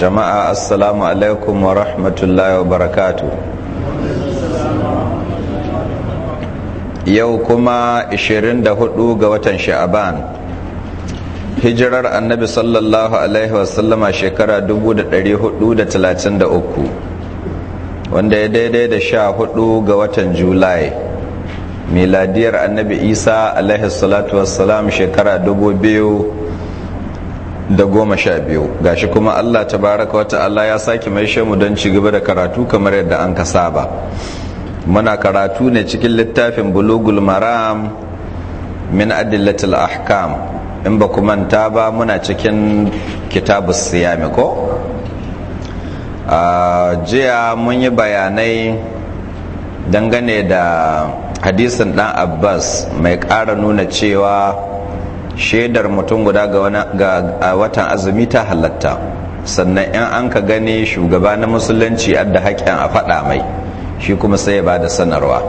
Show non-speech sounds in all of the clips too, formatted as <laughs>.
jama'a assalamu alaikum wa rahmatullahi wa barakatu yau kuma 24 ga watan sha'aban hijirar annabi sallallahu alaihi wasallama shekara 433 wanda ya daidai da sha hudu ga watan julai miladiyar annabi isa alaihi salatu wassalam shekara 2000 da goma sha biyu gashi kuma Allah tabaraka wata Allah ya sake mai shemu don ci gaba da karatu kamar yadda an ka saba muna karatu ne cikin littafin bulugul maram min adillatul ahkam in ba ku manta ba muna cikin kitabus siyami ko jiya mun yi bayanai dangane da hadisin dan abbas mai ƙara nuna cewa shaidar mutum guda ga watan azumi ta halatta sannan yan an ka gane shugaba na musulunci adda haƙƙin a faɗa mai shi kuma sai ya ba da sanarwa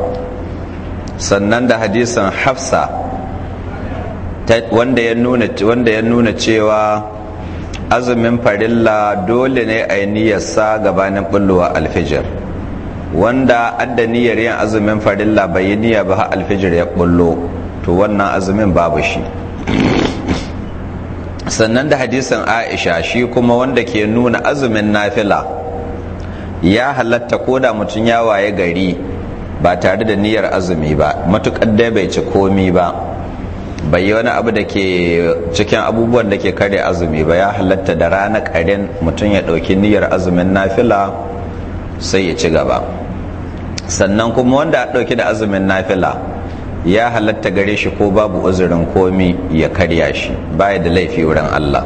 sannan da hadisan hafsa wanda ya nuna cewa azumin farilla dole ne a niyyarsa gabanin bullowa alfijir wanda adda niyyar yin azumin farilla bai yi niyya ba alfijir ya bullo to wannan azumin babu shi sannan da hadisin aisha shi kuma wanda ke nuna azumin nafila ya halatta ko da mutum ya waye gari ba tare da niyyar azumi ba matuƙar dai bai ci komi ba bai yi wani abu da ke cikin abubuwan da ke kare azumi ba ya halatta da rana ƙarin mutum ya ɗauki niyyar azumin nafila sai ya ci gaba sannan kuma wanda a ɗauki da azumin nafila ya halatta gare shi ko babu uzurin komi ya karya shi baya da laifi wurin Allah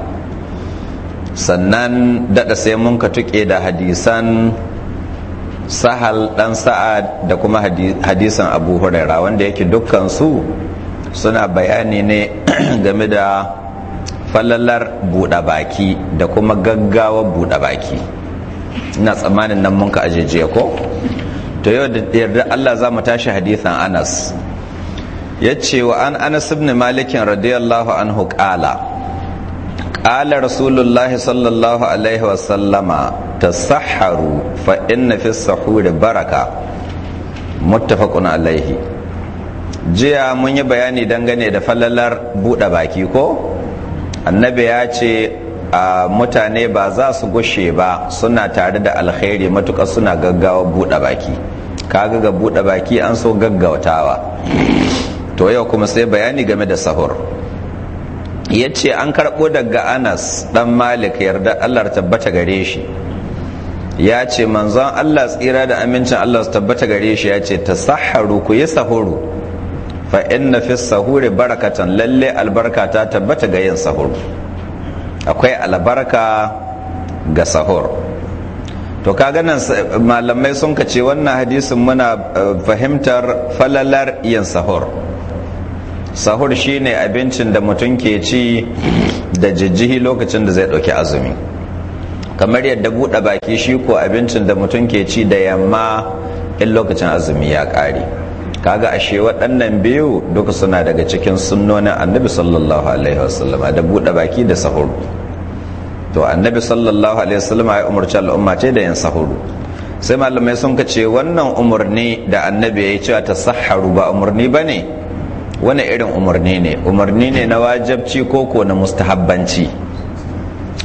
sannan daɗa sai mun ka tuƙe da hadisan sahal ɗan sa'ad da kuma hadisan abu huraira wanda yake dukkansu suna bayani ne <clears throat> game da falalar buɗe baki da kuma gaggawa buɗa baki ina tsammanin nan mun ka ajeje ko to yau da yarda Allah za mu tashi hadisan anas yace wa an anas ibn malikin radiyallahu anhu ƙala, ƙalar rasulullah sallallahu alaihi wa sallama saharu fa inna fi sahuri baraka muttafaqun alaihi jiya mun yi bayani dangane da falalar buɗe baki ko annabi ya ce a mutane ba za su gushe ba suna tare da alkhairi matuƙa suna gaggawa buɗe baki kaga ga buɗe baki an so gaggautawa to yau kuma sai bayani game da sahur ya ce an karɓo daga anas ɗan malik yarda allah tabbata gare shi ya ce manzon allah tsira da amincin allah su tabbata gare shi ya ce ta saharu ku yi sahuru fa inna fi sahuri barakatan lalle albarka ta tabbata ga yin sahur akwai albarka ga sahur to kaga nan malamai sun kace wannan hadisin muna eh, fahimtar falalar yin sahur sahur shine abincin da mutum ke ci da jijjihi lokacin da zai ɗauki azumi kamar yadda buɗe baki shi ko abincin da mutum ke ci da yamma in lokacin azumi ya ƙari kaga ashe waɗannan biyu duka suna daga cikin sunnonin annabi sallallahu alaihi wasallam da buɗe baki da sahur to annabi sallallahu alaihi wasallam ya umarci al'umma ce da yin sahur sai malamai sun ka ce wannan umarni da annabi ya yi cewa ta saharu ba umarni ba ne wani irin umarni ne umarni ne na wajabci ko ko na mustahabbanci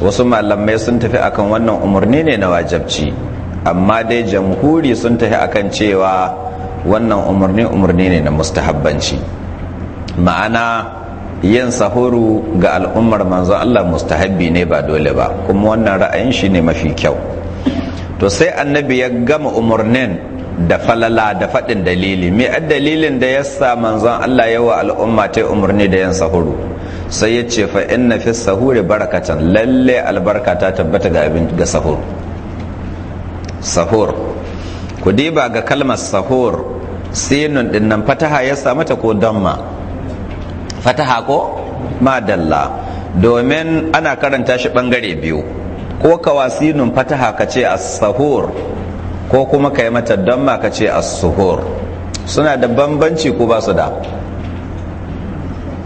wasu malamai sun tafi akan wannan umarni ne na wajabci amma dai jamhuri sun tafi akan cewa wannan umarni umarni ne na mustahabbanci ma'ana yin sahuru ga al'ummar manzon Allah mustahabbi ne ba dole ba kuma wannan ra'ayin shi ne mafi kyau to sai annabi ya gama umarnin da falala da faɗin dalili me a dalilin da ya sa manzon Allah ya wa al'umma ta umarni da yin sahuru sai ya ce fa inna fi sahuri barakatan lalle albarka ta tabbata ga abin ga sahur sahur ku diba ga kalmar sahur sinun din nan fataha ya sa mata ko damma fataha ko madalla domin ana karanta shi bangare biyu ko kawasinun fataha ka ce as-sahur ko kuma ka yi mata don ka ce as-suhur suna da bambanci ko ba su da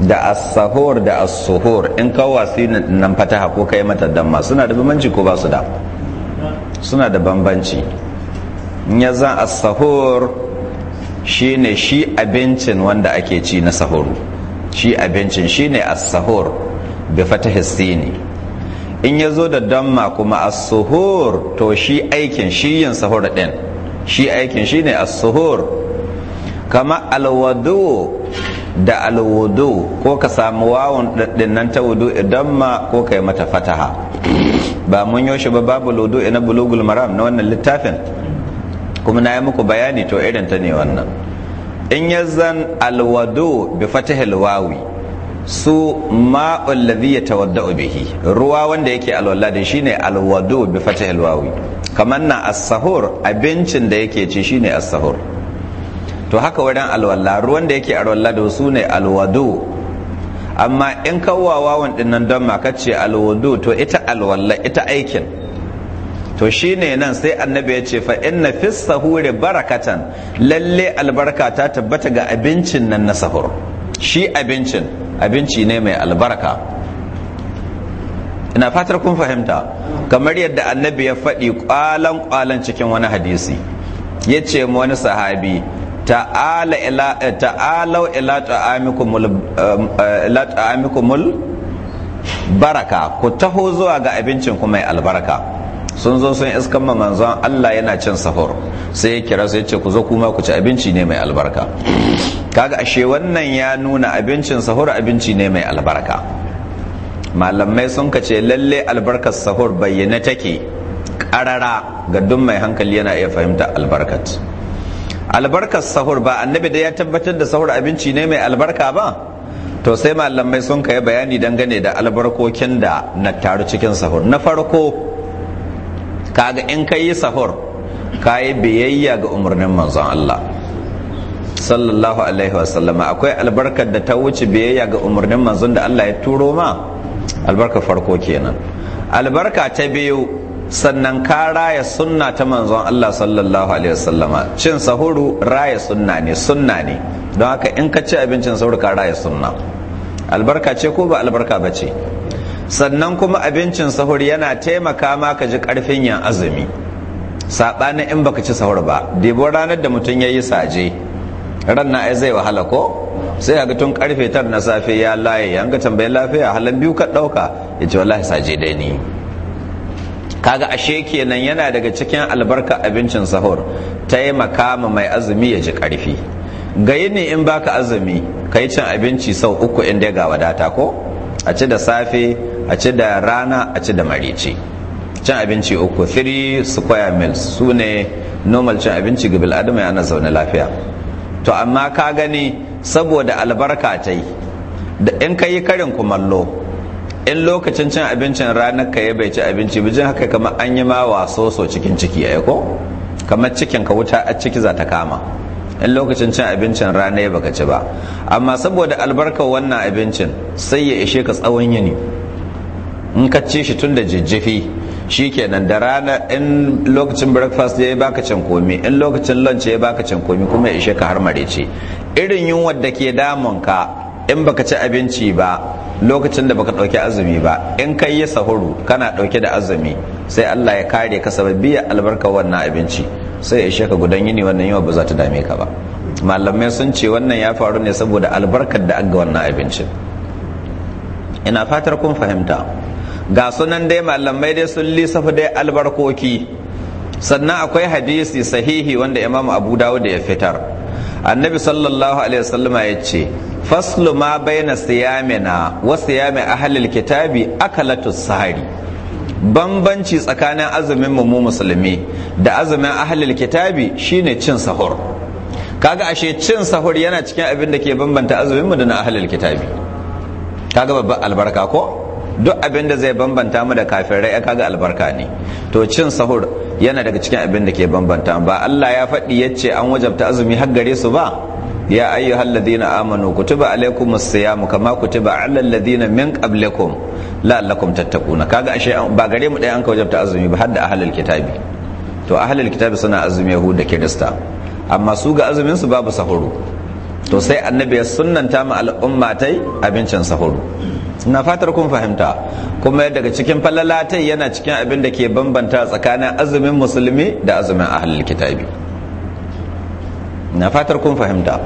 da as-sahur da as-suhur in wasu wasi nan fataha ko ka yi mata don suna da bambanci ko ba su da suna da bambanci in ya zan as-sahur shine shi abincin wanda ake ci na sahuru shi abincin shine as-sahur bi fatahis sini in ya zo da damma kuma a suhur to shi aikin shi yin sahur din shi aikin shi ne suhur kama alwadu da alwudu ko ka samu wawon din nan ta wudu damma ko kai mata fataha ba mun shi ba babu wudu ina bulugul maram na wannan littafin kuma na yi muku bayani to irin ta ne wannan in yazan alwadu bi fatihil wawi su ma'ul ya yatawadda'u bihi ruwa wanda yake alwala shine alwadu bi fathil kamar na as abincin da yake ci shine as-sahur to haka wurin alwala ruwan da yake alwala su ne alwadu amma in kawwa wawan dinnan don ma kace alwadu to ita alwala ita aikin to shine nan sai annabi ya ce fa inna fis sahuri barakatan lalle albarka ta tabbata ga abincin nan na sahur shi abincin abinci ne mai albarka ina fatar kun fahimta kamar yadda annabi ya faɗi ƙwalan ƙwalan cikin wani hadisi ya ce wani sahabi ta'alau ila ta'amikumul baraka ku taho zuwa ga abincin ku mai albarka sun zo sun iskan manzon Allah yana cin sahur sai ya kira sai ya ce ku zo kuma ku ci abinci ne mai albarka kaga ashe wannan ya nuna abincin sahur abinci ne mai albarka malamai sun kace lalle albarkar sahur bayyana take karara ga duk mai hankali yana iya fahimta albarkat albarkar sahur ba annabi da ya tabbatar da sahur abinci ne mai albarka ba to sai malamai sun kai bayani dangane da albarkokin da na taru cikin sahur na farko kaga in ka yi sahur ka yi biyayya ga umarnin manzon Allah sallallahu alaihi wasallama akwai albarkar da ta wuce biyayya ga umarnin manzon da Allah ya turo ma albarka farko kenan albarka ta biyu sannan ka raya sunna ta manzon Allah sallallahu alaihi wasallama cin sahuru raya sunna ne sunna ne don haka in ka ci abincin sahur ka raya sunna albarka ce ko ba albarka ba ce sannan kuma abincin sahur yana taimaka ma ka ji karfin yin azumi saɓanin in baka ci sahur ba debo ranar da mutum ya yi saje ran na zai wahala ko sai ga tun karfe tar na safe ya laye an ga tambayin lafiya halan biyu ka ɗauka ya ce wallahi saje dai ni kaga ashe kenan yana daga cikin albarka abincin sahur taimaka ma mai azumi ya ji karfi gayi ne in baka azumi kayi cin abinci sau uku inda ga wadata ko a ci da safe a ci da rana a ci da marici cin abinci uku 3 square meals su ne normal cin abinci ga bil'adama ya yana zaune lafiya to amma ka gani saboda albarka ta yi da in ka yi karin kumallo in lokacin cin abincin ranar ka bai ci abinci bijin haka kamar an yi ma waso so cikin ciki ya ko kamar cikin ka wuta a ciki za ta kama in lokacin cin abincin rana ya baka ci ba amma saboda albarkar wannan abincin sai ya ishe ka tsawon yini in ka ci shi tun da jijjifi shi kenan da rana in lokacin breakfast ya baka cin komi in lokacin lunch ya baka cin komi kuma ya ishe ka har ce. irin yunwar da ke damun ka in baka ci abinci ba lokacin da baka ɗauki azumi ba in ka yi sahuru kana ɗauke da azumi sai Allah ya kare ka sababbiya albarkar wannan abinci sai ya shaka gudan yini wannan yawa ba za ta dame ka ba malamai sun ce wannan ya faru ne saboda albarkar da ga wannan abincin ina fatar kun fahimta ga sunan dai malamai dai sun lissafa dai albarkoki sannan akwai hadisi sahihi wanda imamu abu da ya fitar annabi sallallahu alaihi wasallama ya ce faslu ma baina siyamina wa a halil kitabi akalatus sahari bambanci tsakanin azumin mu musulmi da azumin ahlul kitabi shine cin sahur kaga ashe cin sahur yana cikin abin da ke bambanta azumin mu da na ahlul kitabi kaga babban albarka ko duk abin da zai bambanta mu da kafirai ya kaga albarka ne to cin sahur yana daga cikin abin da ke bambanta ba Allah ya faɗi yace an wajabta azumi har gare su ba يا أيها الذين آمنوا كتب عليكم الصيام كما كتب min الذين من قبلكم لعلكم تتقون كاغا شيء با gare mu dai an ka azumi ba hadda ahlul kitabi to ahlul kitabi suna azumi yahuda kirista amma su ga azumin su babu sahuru to sai annabi ya sunnanta ma al'ummatai abincin sahuru na fatar kun fahimta kuma daga cikin falalatai yana cikin abin da ke bambanta tsakanin azumin musulmi da azumin ahlul kitabi na fatar kun fahimta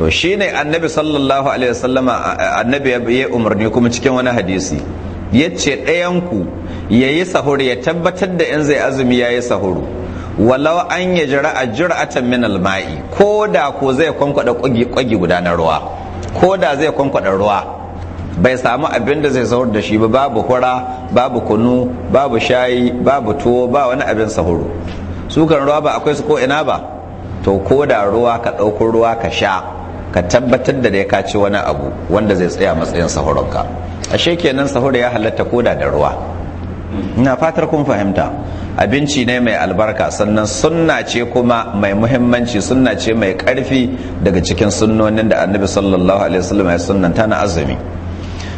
to shi ne annabi sallallahu alaihi wasallama annabi ya umarni kuma cikin wani hadisi Ya ce ɗayanku ya yi sahuru ya tabbatar da in zai azumi ya yi sahuru walau an ya jira a jira'atan min alma'i ko da ko zai kwankwada kwagi guda na ruwa ko da zai kwankwada ruwa bai samu abin da zai sahur da shi ba babu hura babu kunu babu shayi babu tuwo ba wani abin sahuru sukan ruwa ba akwai su ko ina ba to ko da ruwa ka ɗauko ruwa ka sha ka tabbatar da dai ka ci wani abu wanda zai tsaya matsayin sahurinka ashe kenan sahur ya halatta koda da ruwa ina fatar kun fahimta abinci ne mai albarka sannan sunna ce kuma mai muhimmanci sunna ce mai karfi daga cikin sunnonin da annabi sallallahu alaihi wasallam ya sunnanta na azumi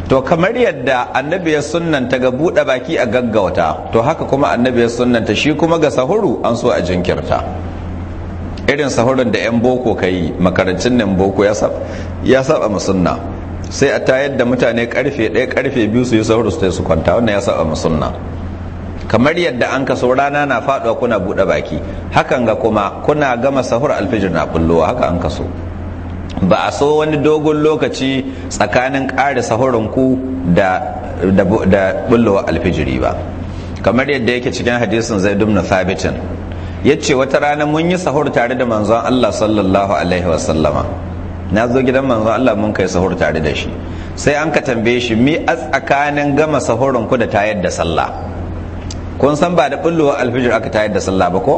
to kamar yadda annabi ya sunnanta ga buɗe baki a gaggauta to haka kuma annabi ya sunnanta shi kuma ga sahuru an so a jinkirta irin sahurin da 'yan boko ka yi makarancin nan boko ya saba musunna sai a tayar da mutane karfe ɗaya karfe biyu su yi sahur su su kwanta wannan ya saba musunna kamar yadda an kaso rana na faɗuwa kuna buɗe baki hakan ga kuma kuna gama sahur alfijir na kullowa haka an kaso ba a so wani dogon lokaci tsakanin ƙari sahurin ku da da alfijiri ba kamar yadda yake cikin hadisin zai dumna sabitin ya ce wata rana mun yi sahur tare da manzon Allah sallallahu alaihi wasallama na zo gidan manzon Allah mun kai sahur tare da shi sai an ka tambaye shi mi a tsakanin gama sahurin ku da tayar da sallah kun san ba da bullo alfijir aka tayar da sallah ba ko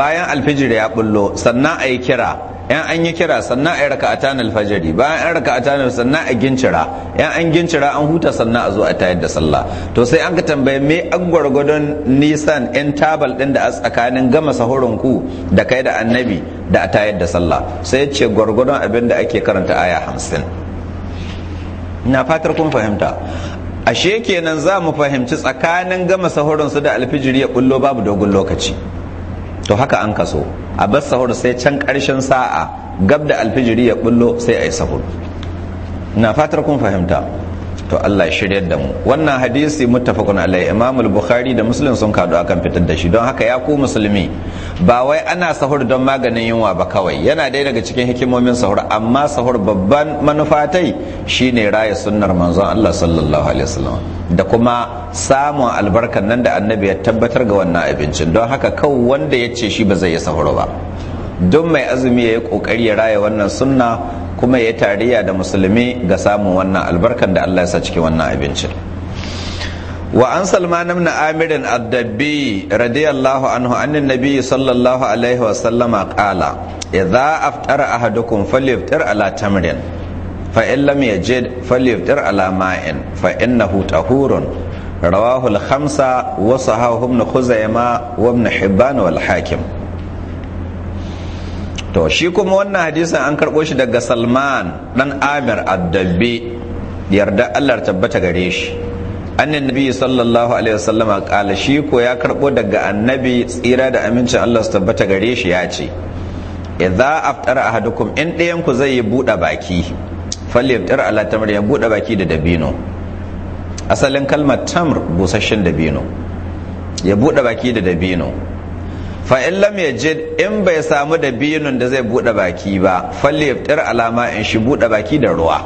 bayan alfijir ya bullo sannan a yi kira yan an yi kira sannan a yi raka'atan alfajari bayan an raka'atan sannan a gincira yan an gincira an huta sannan a zo a tayar da sallah to sai an ka tambaye me an gwargwadon nisan yan tabal din da a tsakanin gama sahurin ku da kai da annabi da a tayar da sallah sai ce gwargwadon abin da ake karanta aya hamsin na fatar kun fahimta ashe kenan za mu fahimci tsakanin gama sahurin su da alfijiri ya bullo babu dogon lokaci to haka an kaso a bar sahur sai can ƙarshen sa'a gab da alfijiri ya bullo sai a yi sahur na fatar kun fahimta to Allah shiryar da mu wannan hadisi muttafaqun alai Imam al-Bukhari da Muslim sun kado akan fitar da shi don haka ya ku musulmi ba wai ana sahur don maganin yunwa ba kawai yana dai daga cikin hikimomin sahur amma sahur babban manufatai shine raya sunnar manzon Allah sallallahu alaihi wasallam da kuma samun albarkan nan da annabi ya tabbatar ga wannan abincin don haka kawai wanda ya ce shi ba zai yi sahur ba don mai azumi ya yi kokari ya raya wannan sunna kuma ya tariya da musulmi ga samun wannan albarkan da Allah ya sa cikin wannan abincin wa an salman ibn amir ad-dabbi radiyallahu anhu anna nabiy sallallahu alaihi wa sallama qala idza aftara ahadukum falyaftir ala tamrin fa in lam yajid falyaftir ala ma'in fa innahu tahurun rawahu al-khamsa wa sahahu ibn khuzaimah wa ibn hibban wal hakim to shi kuma wannan hadisin an karɓo shi daga salman dan amir addabbe yarda allah tabbata gare shi annan nabi sallallahu alaihi wasallam kala shi ko ya karɓo daga annabi tsira da amincin allah tabbata gare shi ya ce idza aftara ahadukum in ɗayan ku zai yi buɗe baki falle yaftar ala tamr ya buɗe baki da dabino asalin kalmar tamr busasshen dabino ya buɗe baki da dabino fa in lam yajid in bai samu da biyunun da zai bude baki ba falle yaftar alama in shi bude baki da ruwa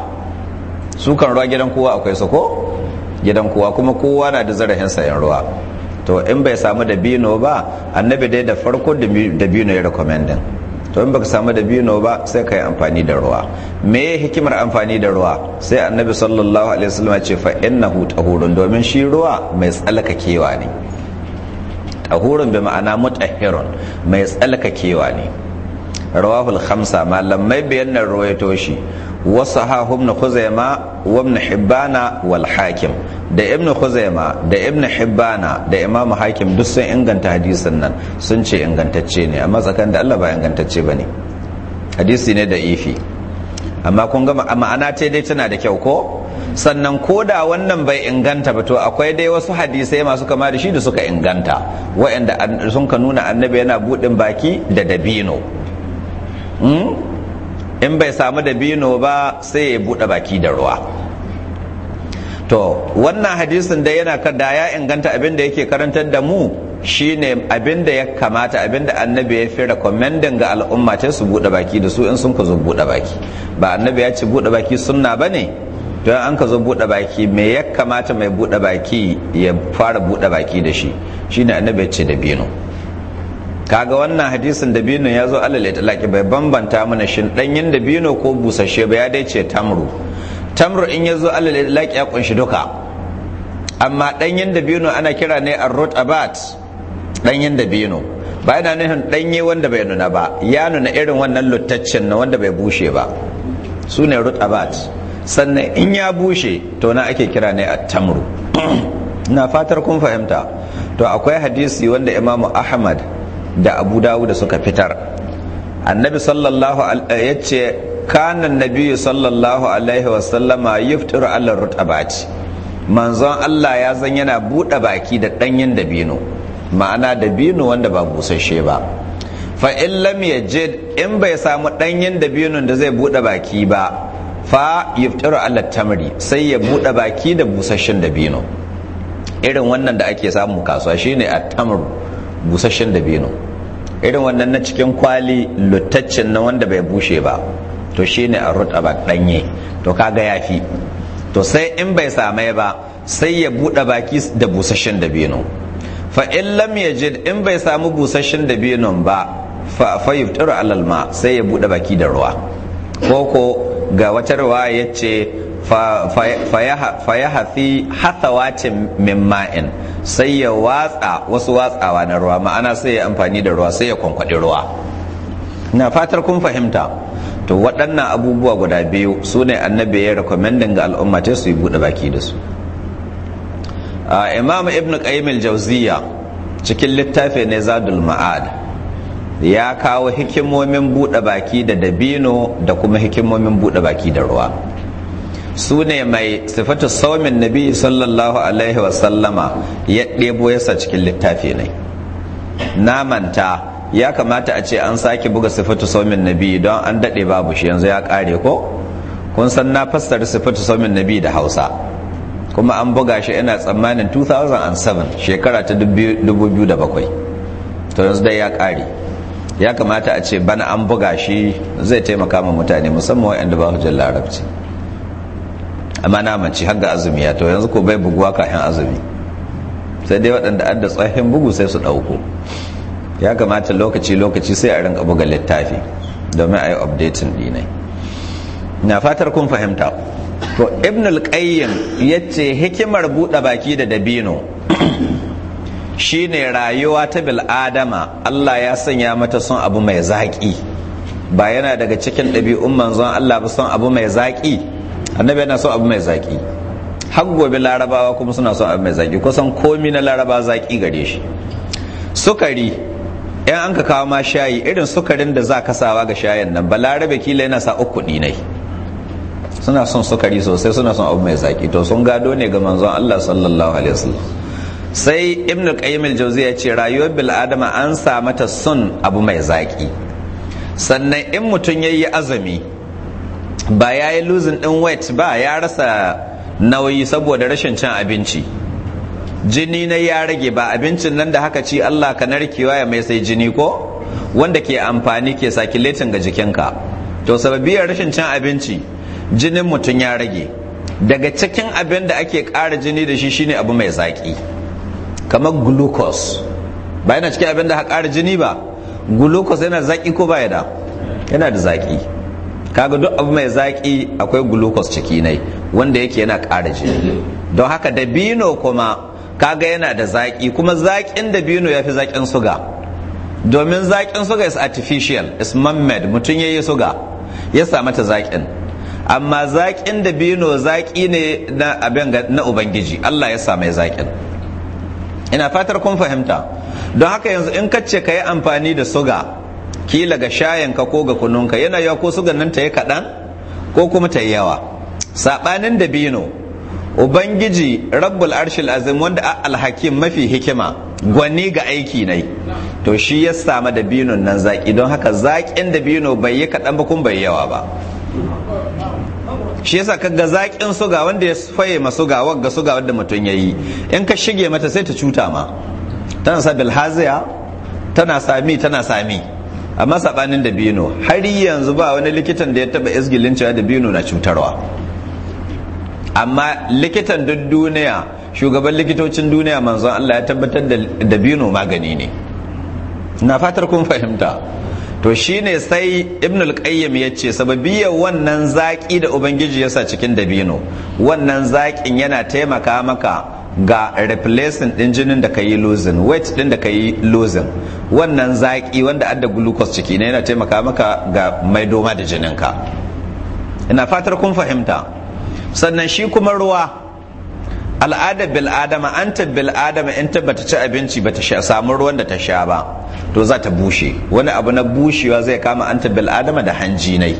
su kan ruwa gidan kowa akwai su ko gidan kowa kuma kowa na da zarahin sayan ruwa to in bai samu da bino ba annabi dai da farko da bino ya recommending to in baka samu da bino ba sai kai amfani da ruwa me hikimar amfani da ruwa sai annabi sallallahu alaihi wasallam ya ce fa innahu tahurun domin shi ruwa mai tsalaka kewa ne tahurun bi ma'ana mutahhirun mai tsalkakewa ne rawahul khamsa malamai biyan nan ruwaito shi wasu hahum na khuzaima wa ibn hibbana wal hakim da ibn khuzaima da ibn hibbana da Imam hakim duk sun inganta hadisin nan sun ce ingantacce ne amma tsakan da Allah ba ingantacce bane hadisi ne da ifi amma kun ga ma'ana ce dai tana da kyau ko sannan ko da wannan bai inganta ba to akwai dai wasu hadisai masu kama da shi da suka inganta wa'anda sun ka nuna annabi yana buɗin baki da dabino hmm? in bai samu dabino ba sai ya buɗe baki da ruwa to wannan hadisin da yana da ya inganta abin da yake karantar da mu Shi ne abin da ya kamata abin da annabi ya fi rekomendin ga al'umma ta su buɗe baki da su in sun ka zo buɗe baki ba annabi ya ce buɗe baki sunna ba ne don an ka zo buɗe baki me ya kamata mai buɗe baki ya fara buɗe baki da shi shi ne annabi ya ce da bino kaga wannan hadisin da bino ya zo alal itlaqi bai bambanta mana shin danyen da bino ko busashe ba ya dai ce tamru tamru in ya zo alal itlaqi ya ƙunshi duka amma ɗanyen da bino ana kira ne abat ɗanyen dabino ba yana nufin ɗanye wanda bai nuna ba ya nuna irin wannan lutaccen na wanda bai bushe ba su ne abat sannan in ya bushe to na ake kira ne a tamru <clears throat> na fatar kun fahimta to akwai hadisi wanda imamu ahmad da abu dawud suka fitar annabi sallallahu eh, ya ce kanan nabiyu sallallahu alaihi wasallama yuftiru ala rutabat manzon allah ya zan yana buɗe baki da ɗanyen dabino ma'ana dabino wanda ba busasshe ba fa in lam yajid in bai samu danyen dabinon da zai bude baki ba fa yuftaru ala tamri sai ya bude baki da busasshen dabino irin wannan da ake samu kasuwa shine at tamr busasshen dabino irin wannan na cikin kwali lutaccen na wanda bai bushe ba to shine a rutaba danye to kaga yafi to sai in bai samai ba sai ya bude baki da busasshen dabino fa in lam yajid in bai samu busasshen dabinon ba fa fa yuftiru alal ma sai ya bude baki da ruwa koko ga wata ruwa ce fa ya hafi hathawacin min ma'in sai ya watsa wasu watsawa na ruwa ma'ana sai ya amfani da ruwa sai ya kwankwaɗi ruwa na fatar kun fahimta to waɗannan abubuwa guda biyu su ne annabi ya rekomendin ga al'umma ta su yi buɗe baki da su imam ibn qayyimul Jauziya jawziya cikin littafi ne zadul ma'ad ya kawo hikimomin buɗe baki da dabino da kuma hikimomin buɗe baki da ruwa su ne mai sifatu saumin nabi sallallahu alaihi wasallama ya ɗebo yasa cikin littafi ne na manta ya kamata a ce an sake buga sifatu saumin nabi don an daɗe babu shi yanzu ya ƙare ko kun san na fassara sifatu saumin nabi da hausa kuma an buga shi yana tsammanin 2007 shekara ta 2007 to yanzu dai ya ƙare ya kamata a ce bana an buga shi zai taimaka ma mutane musamman waɗanda ba hujjar larabci amma na mace har ga azumi ya to yanzu ko bai buguwa kafin azumi sai dai waɗanda an da tsohon bugu sai su ɗauko ya kamata lokaci-lokaci sai a rinka buga littafi domin a yi updating ɗinai na fatar kun fahimta to ibn al-qayyim yace hikimar buɗe baki da dabino <clears throat> shine rayuwa ta bil adama Allah ya sanya mata son abu mai zaki ba yana daga cikin ɗabi'un manzon Allah ba son abu mai zaki annabi yana son abu mai zaki har gobe larabawa kuma suna son abu mai zaki kusan komi na laraba zaki gare shi sukari yan an ka kawo ma shayi irin sukarin da za ka sawa ga shayin nan balarabe kila yana sa uku dinai suna son sukari sosai suna son abu mai zaki to sun gado ne ga manzon Allah sallallahu alaihi wasallam sai ibnu qayyim al-jawzi ya ce rayuwar bil adama an sa mata son abu mai zaki sannan in mutum yayi azumi ba yayi losing din weight ba ya rasa nauyi saboda rashin cin abinci jini na ya rage ba abincin nan da haka ci Allah ka narkewa ya mai sai jini ko wanda ke amfani ke sakiletin ga jikinka to sababiyar rashin cin abinci jinin mutum ya rage daga cikin abin da ake ƙara jini da shi shine abu mai zaƙi kamar glucose ba yana cikin abin da ha ƙara jini ba glucose yana zaƙi ko ba da yana da zaƙi kaga duk abu mai zaƙi akwai glucose ciki nai wanda yake yana ƙara jini don haka dabino kuma kaga yana da zaƙi kuma zaƙin dabino ya fi zaƙin suga domin zaƙin suga is artificial is man-made mutum ya yi suga ya sa ta zaƙin amma zaƙin da bino zaƙi ne na abin na ubangiji Allah ya sa mai zaƙin ina fatar kun fahimta don haka yanzu in ka ce ka yi amfani da suga kila ga shayanka ko ga kununka yana yawa ko sugan nan ta yi kaɗan ko kuma ta yi yawa saɓanin da bino ubangiji rabbul arshil azim wanda alhakim mafi hikima gwani ga aiki ne to shi ya samu da binon nan zaƙi don haka zaƙin da bino bai yi kaɗan ba kun bai yawa ba shi yasa kaga zaƙin suga wanda ya faye ma suga wagga suga wanda mutum ya yi in ka shige mata sai ta cuta ma tana sa bilhaziya tana sami tana sami amma sabanin dabino har yanzu ba wani likitan da ya taba isgilin cewa dabino na cutarwa amma likitan duk duniya shugaban likitocin duniya manzon Allah ya tabbatar da dabino magani ne na fatar kun fahimta to shi ne sai ibn al-qayyim ya ce sababiyar wannan zaƙi da ubangiji ya sa cikin dabino wannan zaƙin yana taimaka maka ga replacing ɗin jinin da ka yi losing weight ɗin da ka yi losing wannan zaƙi wanda adda glucose ciki ne yana taimaka maka ga mai doma da jininka ina fatar kun fahimta sannan shi kuma ruwa al'adar bil'adama an bil bil'adama in ta bata ci abinci bata sha samu ruwan da ta sha ba to za ta bushe wani abu na bushewa zai kama an bil adama da hanji nai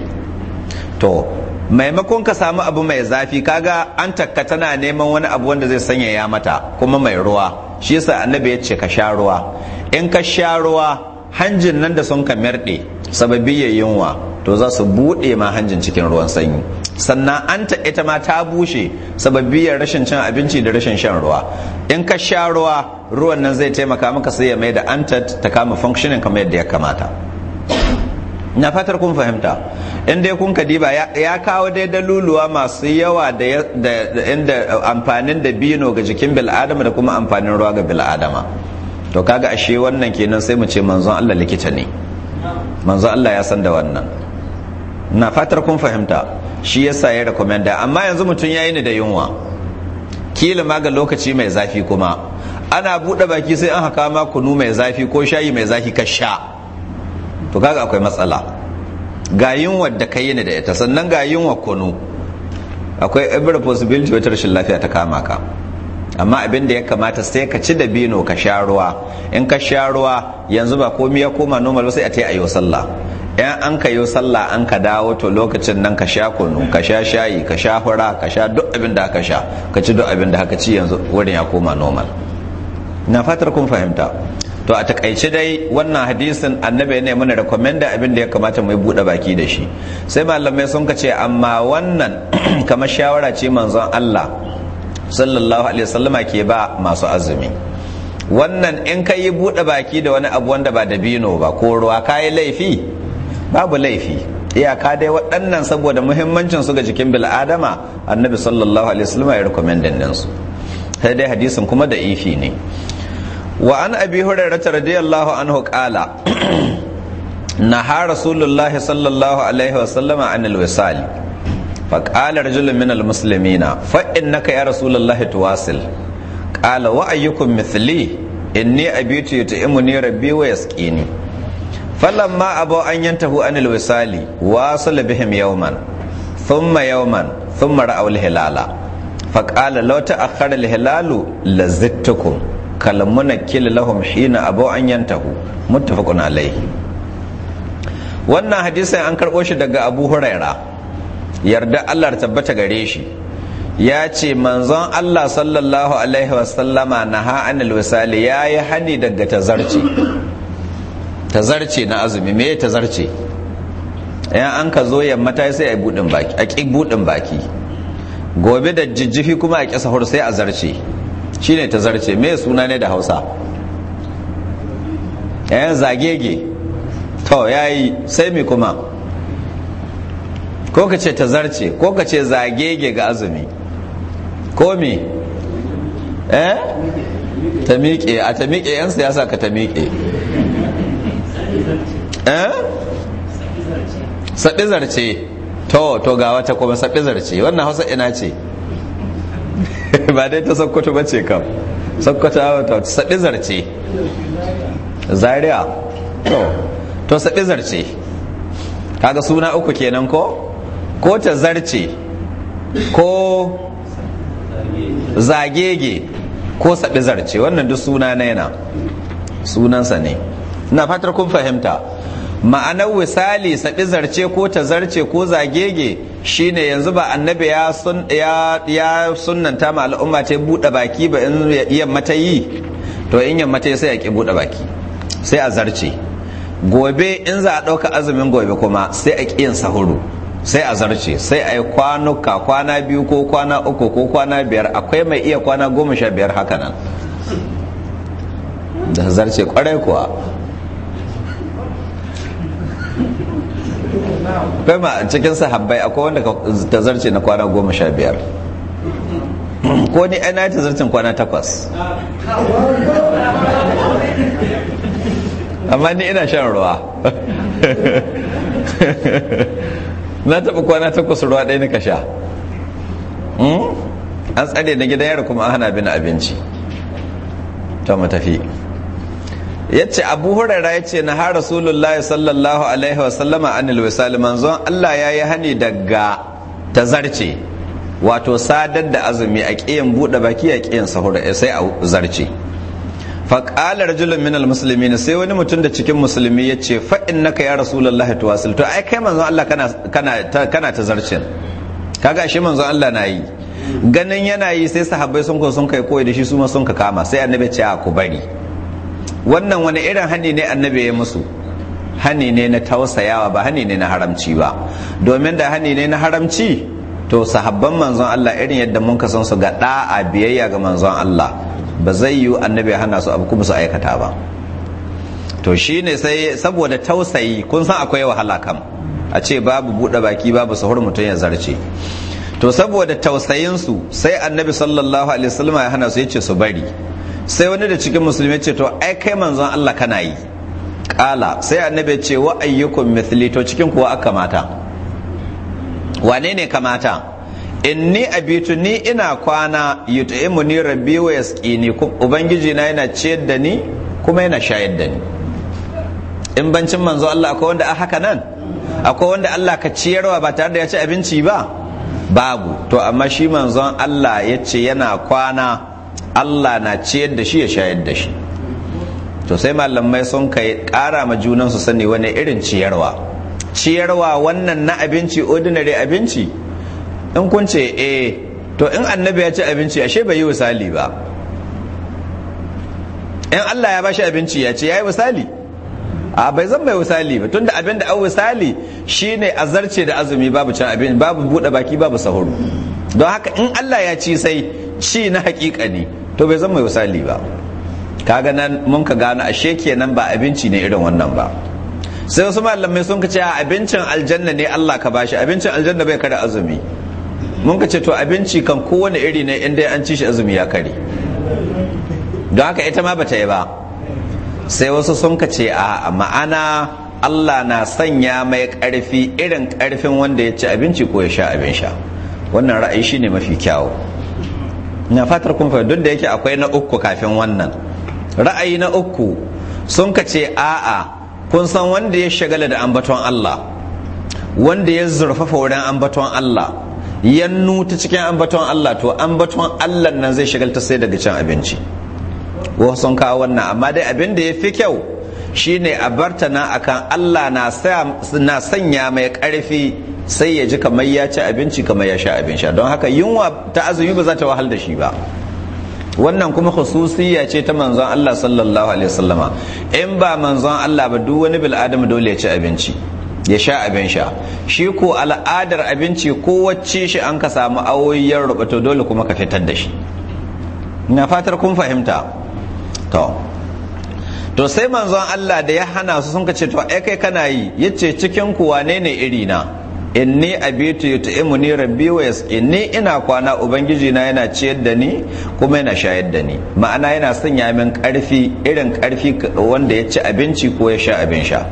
to maimakon ka samu abu mai zafi kaga an takka tana neman wani abu wanda zai sanyaya mata kuma mai ruwa shi yasa annabi ya ce ka sha ruwa in ka sha ruwa hanjin nan da sun ka mirɗe sababi yunwa to za su buɗe ma hanjin cikin ruwan sanyi sannan an ta ita ma ta bushe sababiyar rashin cin abinci da rashin shan ruwa in ka sha ruwa ruwan nan zai taimaka maka sai ya mai da anta ta kama functioning kamar yadda ya kamata na fatar kun fahimta in dai kun diba ya kawo dai daluluwa masu yawa da inda amfanin da bino ga jikin bil'adama da kuma amfanin ruwa ga bil'adama to kaga ashe wannan kenan sai mu ce manzon Allah likita ne manzon Allah ya san da wannan na fatar kun fahimta shi yasa ya rekomenda amma yanzu mutum ya yi ni da yunwa kila ma ga lokaci mai zafi kuma ana buɗe baki sai an haka ma kunu mai zafi ko shayi mai zafi ka sha to kaga akwai matsala ga yunwa da ka yi ni da ita sannan ga yunwa kunu akwai every possibility wata rashin lafiya ta kama ka amma abin da ya kamata sai ka ci da dabino ka sha ruwa in ka sha ruwa yanzu ba komai ya koma normal sai a ta yi sallah yan an ka yi sallah an ka dawo to lokacin nan ka sha kunu ka sha shayi ka sha hura ka sha duk abin da aka sha ka ci duk abin da aka ci yanzu wurin ya koma normal na fatar kun fahimta to a takaice dai wannan hadisin annabi ne mana recommend abin da ya kamata mu bude baki da shi sai malamai sun ka ce amma wannan <clears throat> kamar shawara ce manzon Allah sallallahu alaihi wasallama ke ba masu azumi wannan in ka yi buɗe baki da wani abu wanda ba dabino ba ko ruwa ka yi laifi babu laifi iyaka dai waɗannan saboda muhimmancin su ga jikin bil'adama annabi sallallahu alaihi wasallama ya recommend din su sai dai hadisin kuma da ifi ne wa an abi hurairah radiyallahu anhu qala <clears throat> naha rasulullahi sallallahu alaihi wasallama anil wisali فقال رجل من المسلمين فإنك يا رسول الله تواصل قال وأيكم مثلي إني أبيت يتئمني ربي ويسقيني فلما أبو أن ينتهوا عن الوصال واصل بهم يوما ثم يوما ثم رأوا الهلال فقال لو تأخر الهلال لزدتكم كالمنكل لهم حين أبوا أن ينتهوا متفق عليه wannan hadisai an karɓo shi daga abu huraira yarda Allah tabbata gare shi ya ce manzon Allah sallallahu alaihi wasallama na ha'anil wasali ya yi hani daga tazarce tazarce na azumi me tazarce yan an ka zo yamma ta sai a buɗin baki a ƙi budin baki gobe da jijjifi kuma a ƙi sahur sai a zarce shine tazarce me suna ne da hausa yan zagege to yayi sai me kuma ko ka ce ta zarce ko ka ce zagege ga azumi ko me eh ta miƙe a ta miƙe yan siyasa ka ta miƙe eh saɓi zarce to to ga wata kuma saɓi zarce wannan hausa ina ce <laughs> ba dai ta sokoto ba ce kam sokoto ta saɓi zarce zaria to to saɓi zarce kaga suna uku kenan ko ko ta zarce ko zagege ko saɓi zarce wannan duk suna na yana sunansa ne na fatar kun fahimta ma'anar misali saɓi zarce ko ta zarce ko zagege shine yanzu ba annabi ya sunanta ma al'umma ta buɗe baki ba in yamma yi to in yamma sai a ƙi buɗe baki sai a zarce gobe in za a ɗauka azumin gobe kuma sai a ƙi yin sahuru sai a zarce sai a yi kwanuka kwana biyu ko kwana uku ko kwana biyar akwai mai iya kwana goma sha biyar hakanan da zarce kwarai kuwa kai ma cikin sahabbai akwai wanda ta zarce na kwana goma sha biyar ko ni ana ta zarcin kwana takwas amma ni ina shan ruwa <laughs> na taɓa kwana takwas ruwa ɗaya nika sha hmm? an tsare na gidan yara kuma an hana bin abinci ta matafi ya ce abu hurara ya ce na ha rasulullahi sallallahu alaihi wasallama anil wisali manzon allah ya yi hani daga zarce? wato sadar da azumi a ƙiyan buɗe baki a ƙiyan sahura eh, sai a zarce faƙala rajulun minal musulmi ne sai wani mutum da cikin musulmi ya ce fa'in naka ya ta wasu to ai kai manzon Allah kana ta zarcin kaga shi manzon Allah na yi ganin yana yi sai sahabbai sun ko sun kai koyi da shi su ma sun ka kama sai annabi ce a ku bari wannan wani irin hani ne annabi ya musu hani ne na tausayawa ba hani ne na haramci ba domin da hani ne na haramci to sahabban manzon Allah irin yadda mun ka san su ga da'a biyayya ga manzon Allah ba zai yi annabi hana su abu kuma su aikata ba to shi ne sai saboda tausayi kun san akwai wahala kam a ce babu buɗe baki babu sahur mutum ya zarce to saboda tausayinsu sai annabi sallallahu alaihi wasallam ya hana su ya ce su bari sai wani da cikin musulmi ce to ai kai manzon Allah kana yi kala sai annabi ya ce wa ayyukum mithli to cikin kuwa aka mata wane ne kamata In ni abitu ni ina kwana yut'imu ni rabbi wa ni ubangiji na yana ciyar da ni kuma yana shayar da ni in bancin manzo Allah akwai wanda a haka nan akwai wanda Allah ka ciyarwa ba tare da ya ci abinci ba babu to amma shi manzon Allah ya ce yana kwana Allah na ciyar da shi ya shayar da shi to sai malamai sun kai kara ma junansu sani wani irin ciyarwa ciyarwa wannan na abinci ordinary abinci in kun ce eh to in annabi ya ci abinci ashe bai yi wasali ba in Allah ya bashi abinci ya ce ya yi wasali a bai zan mai wasali ba tunda abin da an wasali shine azarce da azumi babu cin abin babu bude baki babu sahuru don haka in Allah ya ci sai ci na hakika ne to bai zan mai wasali ba kaga nan mun ka gano ashe kenan ba abinci ne irin wannan ba sai wasu malamai sun ka ce abincin aljanna ne Allah ka bashi abincin aljanna bai kada azumi mun ka ce to abinci kan kowane iri ne inda an ci shi azumi ya kare don haka ita ma bata yi ba sai wasu sun ka ce a ma'ana Allah na sanya mai karfi irin karfin wanda ya ci abinci ko ya sha abin sha wannan ra'ayi shi ne mafi kyawu na fatar kun fa duk da yake akwai na uku kafin wannan ra'ayi na uku sun ka ce a'a kun san wanda ya shagala da ambaton Allah wanda ya zurfafa wurin ambaton Allah yannu ta cikin ambaton Allah to ambaton Allah nan zai shagalta sai daga cin abinci wasu sun kawo wannan amma dai abin da ya fi kyau shine a bartana akan Allah na sanya mai ƙarfi sai ya ji kamar ya ci abinci kamar ya sha abin sha don haka yunwa ta azumi ba za ta wahal da shi ba wannan kuma khususiyya ce ta manzon Allah sallallahu alaihi wasallama in ba manzon Allah ba duk wani bil adam dole ya ci abinci ya sha abin sha shi ko al'adar abinci ko wacce shi an ka samu yan rubuta dole kuma ka fitar da shi na fatar kun fahimta to to sai manzon Allah da ya hana su sun ka ce to ai kai kana yi yace cikin ku wane ne iri na inni abitu yut'imuni rabbi wa yasqini ina kwana ubangiji na yana ciyar da ni kuma yana shayar da ni ma'ana yana sanya min karfi irin karfi wanda ya ci abinci ko ya sha abin sha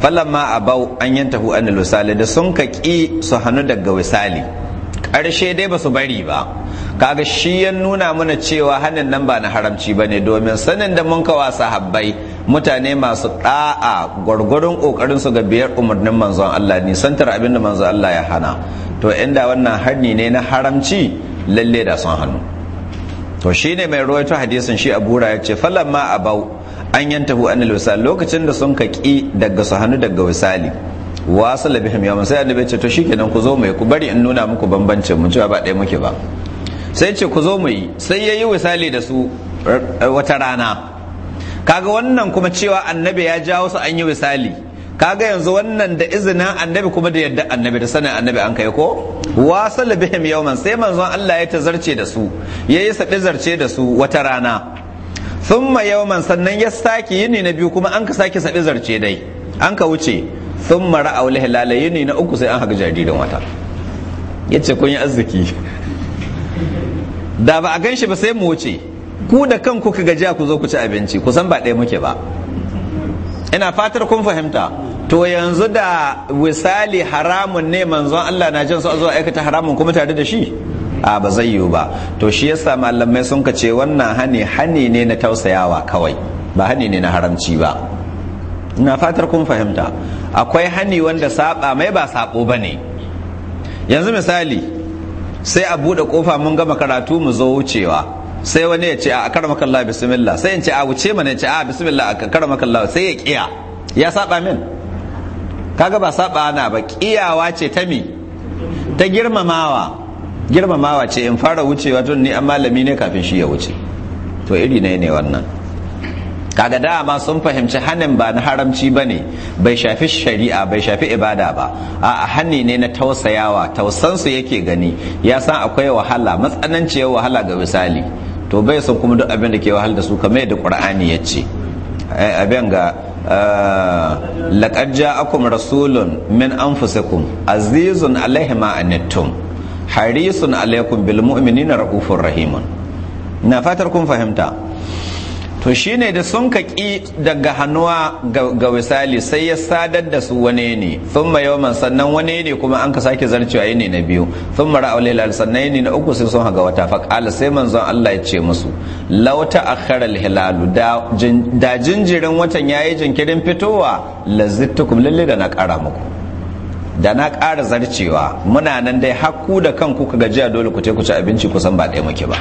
falamma abau an yi yantahu an lusali da sun ka ƙi su hannu daga wisali ƙarshe dai ba su bari ba kaga shi ya nuna mana cewa hannun nan ba na haramci ba ne domin sanin da mun kawa sahabbai mutane masu ɗa'a gwargwaron ƙoƙarin su ga biyar umarnin manzon Allah nisantar abin da manzon Allah ya hana to inda wannan hanni ne na haramci lalle da sun hannu to shine mai rawaito hadisin shi abura ya ce falamma abau an yantahu anil wisal lokacin da sun kaki daga su hannu daga wisali wasu labihim yawon sai annabi ce to shikenan ku zo mai ku bari in nuna muku bambancin mu cewa ba ɗaya muke ba sai ce ku zo mu yi sai ya yi wisali da su eh, wata rana kaga wannan kuma cewa annabi ya jawo su an yi wisali kaga yanzu wannan da izinin annabi kuma da yadda annabi da sanin annabi an kai ko wasu labihim yawon sai manzon Allah ya tazarce da su ya yi sabi zarce da su wata rana thumma yawman sannan ya sake yini na biyu kuma an ka sake sabe zarce dai an ka wuce thumma ra'aw hilala yini na uku sai an haga jaririn wata yace kun yi arziki da ba a ganshi ba sai mu wuce ku da kanku ku gajiya ku zo ku ci abinci ku san ba ɗaya muke ba ina fatar kun fahimta to yanzu da wisali haramun ne manzon Allah na jin su zuwa aikata haramun kuma tare da shi a ba zai yiwu ba to shi yasa malamai sun ka ce wannan hani hani ne na tausayawa kawai ba hani ne na haramci ba ina fatar kun fahimta akwai hani wanda saba mai ba sabo ba ne yanzu misali sai a buɗe kofa mun gama karatu mu zo wucewa sai wani ya ce a karama kallah bismillah sai in ce a wuce mana ya ce a bismillah a karama kallah sai ya kiya ya saba min kaga ba saba na ba kiyawa ce ta mi ta girmamawa girmamawa ce in fara wucewa tun ni an malami ne kafin shi ya wuce to iri ne ne wannan kaga dama sun fahimci hannun ba na haramci ba ne bai shafi shari'a bai shafi ibada ba a hanni ne na tausayawa tausansu yake gani ya san akwai wahala matsananciyar wahala ga misali to bai san kuma duk abin da ke wahal da su kamar yadda qur'ani ya ce eh, abin ga eh, laqad ja'akum rasulun min anfusikum azizun alaihi ma anittum harisun alaikum bil mu'minina raufur rahimun na fatar kun fahimta to shine da sun kaƙi daga hannuwa ga misali sai ya sadar da su wane ne sun ma yawan sannan wane ne kuma an ka sake zarcewa yi ne na biyu sun mara lal sannan yi ne na uku sai sun haga wata faƙala sai manzon Allah ya ce musu lauta akharal hilalu da jinjirin watan yayi jinkirin fitowa lazittukum lalle da na ƙara muku da na ƙara zarcewa muna nan dai hakku da kanku ka gajiya dole ku ku ci abinci kusan ba ɗaya muke ba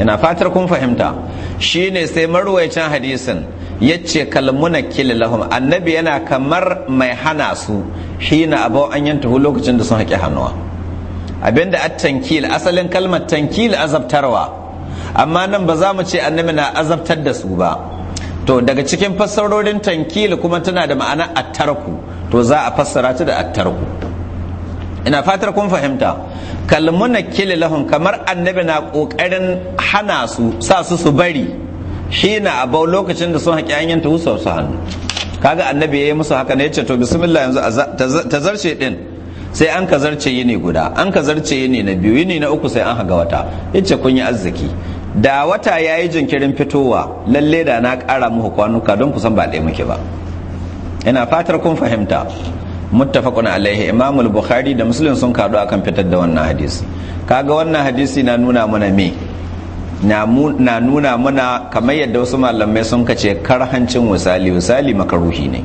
ina fatar kun fahimta shine sai marwacin hadisin ya ce kalmuna lahum annabi yana kamar mai hana su hina abu an tuhu lokacin da sun haƙi hannuwa abinda a tankil asalin kalmar tankil azabtarwa amma nan ba za mu ce annabi na azabtar da su ba to daga cikin fassarorin tankil kuma tana da ma'ana attarku to za a fassara ta da attarku ina fatar kun fahimta kalmuna kili lahun kamar annabi na kokarin hana su sa su su bari shi na abau lokacin da sun haƙi hanyar tuhu su hannu kaga annabi ya yi musu haka ne ya ce to bismillah yanzu ta zarce din sai an ka zarce yini guda an ka zarce yini na biyu yini na uku sai an haga wata ya ce kun yi arziki da wata ya yi jinkirin fitowa lalle da na kara muku kwanuka don kusan ba ɗaya muke ba ina fatar kun fahimta muttafaqun alaihi imam al-bukhari da muslim sun kadu akan fitar da wannan hadisi kaga wannan hadisi na nuna mana me na nuna mana kamar yadda wasu malamai sun kace karhancin wasali wasali makaruhi ne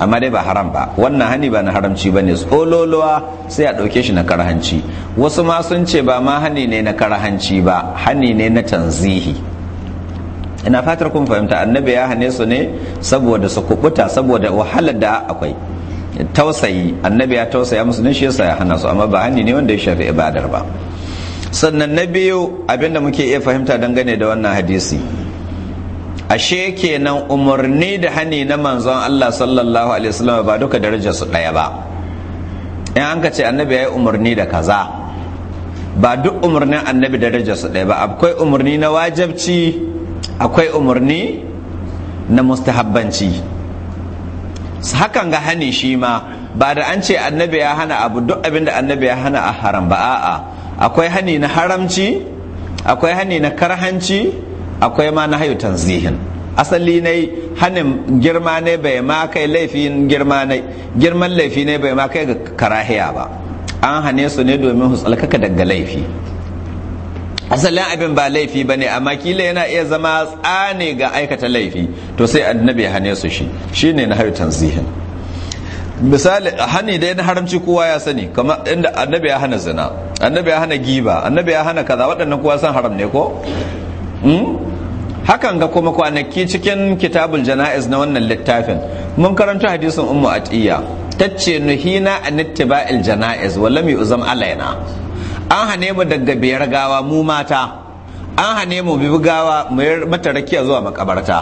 amma dai ba haram ba wannan hani ba na haramci ba ne tsololowa sai a ɗauke shi na karhanci wasu ma sun ce ba ma hani ne na karhanci ba hani ne na tanzihi ina fatar kun fahimta annabi ya hane su ne saboda su kubuta saboda wahalar da akwai tausayi annabi ya tausaya musu ne shi yasa ya hana su amma ba hani ne wanda ya shafi ibadar ba sannan na biyu abinda muke iya fahimta dangane da wannan hadisi ashe kenan umarni da hani na manzon Allah sallallahu alaihi wasallam ba duka darajar su daya ba in an ka ce annabi ya yi umarni da kaza ba duk umarnin annabi darajar su daya ba akwai umarni na wajabci akwai umarni na mustahabbanci hakan ga hani shi ma ba da an ce annabi ya hana abu duk abin da annabi ya hana a haram ba a'a akwai hani na haramci akwai hani na karhanci akwai ma na hayu tanzihin asali ne hannun girma ne bai ma kai laifin girma ne girman laifi ne bai ma kai ga karahiya ba an hane su ne domin tsalkaka daga laifi asalin abin ba laifi ba ne amma kila yana iya zama tsane ga aikata laifi to sai annabi ya hane su shi shi ne na hayu tanzihin misali hani da yana haramci kowa ya sani kamar inda annabi ya hana zina annabi ya hana giba annabi ya hana kaza waɗannan kowa san haram ne ko hmm? hakan ga kuma kwanaki cikin kitabul jana'iz na wannan littafin mun karanta hadisin ummu atiya tace nuhina an ittiba'il jana'iz wallam yuzam alaina an hane mu daga biyar gawa mu mata an hane mu bi gawa mu mata rakiya zuwa makabarta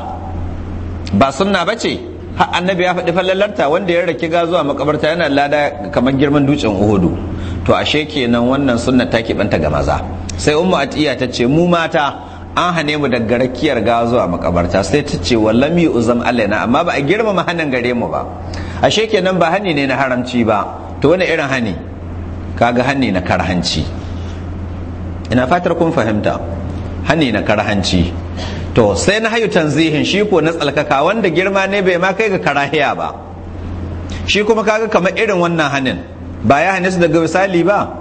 ba sunna bace har annabi ya faɗi fallalarta wanda ya raki ga zuwa makabarta yana lada kamar girman dutsen uhudu to ashe kenan wannan sunna ta banta ga maza sai ummu atiya tace mu mata an hane mu daga rakiyar ga zuwa makabarta sai ta ce wallam uzam alaina amma ba a girmama hannun gare mu ba ashe kenan ba hani ne na haramci ba to wani irin hani kaga hani na karhanci ina fatar kun fahimta hani na karhanci to sai na hayu tanzihin shi ko na tsalkaka wanda girma ne bai ma kai ga karahiya ba shi kuma kaga kamar irin wannan hanin ba ya hane su daga misali ba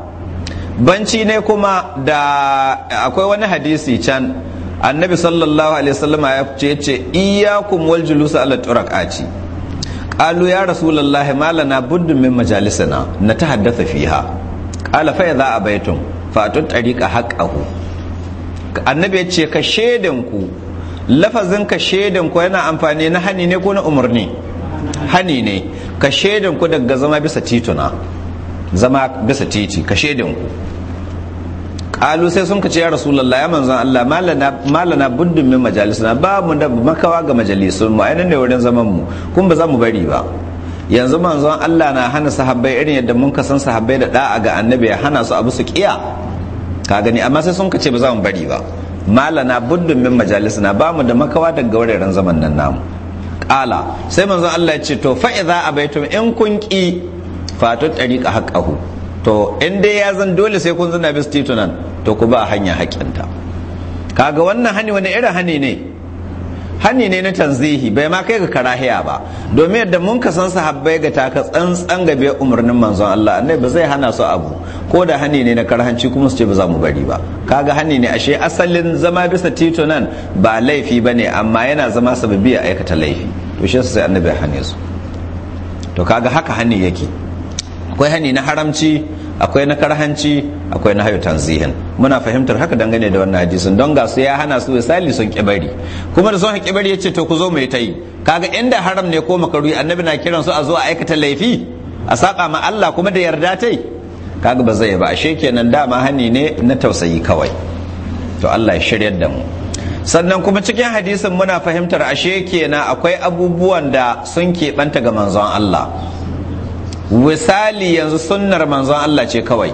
banci ne kuma da akwai wani hadisi can annabi sallallahu alaihi wasallam ya ce ce iyyakum wal julus ala turaqati qalu ya rasulullahi ma lana buddu min majalisina natahaddatha fiha qala fa idza abaytum fa tut tariqa haqqahu annabi yace ka shedan ku lafazin ka shedan ku yana amfani na hani ne ko na umarni hani ne ka shedan ku daga zama bisa tituna zama bisa titi ka shedin ku kalu sai sun kace ya rasulullah ya manzon Allah malana malana buddun min majalisuna ba mu da makawa ga majalisun mu ainihin ne wurin zaman mu kun ba za mu bari ba yanzu manzon Allah na hana sahabbai irin yadda mun ka san sahabbai da da'a ga annabi ya hana su abu su kiya ka gani amma sai sun kace ba za mu bari ba malana buddun min majalisuna ba mu da makawa daga wuraren zaman nan namu kala sai manzon Allah ya ce to fa'iza idza abaitum in kun ki ɗari ka haƙahu to in dai ya zan dole sai kun zana bis titunan to ku ba hanya haƙƙinta kaga wannan hani wani irin hani ne hani ne na tanzihi bai ma kai ga karahiya ba domin yadda mun ka san sahabbai ga taka tsantsan ga biyar umarnin manzon Allah annabi ba zai hana su abu ko da hani ne na karhanci kuma su ce ba za mu bari ba kaga hani ne ashe asalin zama bisa tito nan ba laifi ba ne amma yana zama sababi ya aikata laifi to shi sai annabi ya hane su to kaga haka hani yake akwai hani na haramci akwai na karhanci akwai na hayo tanzihin muna fahimtar haka dangane da wannan hadisin don ga su ya hana su misali sun kibari kuma da sun Kibari ya yace to ku zo mu ta yi kaga inda haram ne ko makaruyi annabi na kiran su a zo a aikata laifi a saka ma Allah kuma da yarda tai kaga ba zai ba ashe kenan dama hani ne na tausayi kawai to Allah ya shiryar da mu sannan kuma cikin hadisin muna fahimtar ashe kenan akwai abubuwan da sun keɓanta ga manzon Allah Wisali yanzu sunnar manzon Allah ce kawai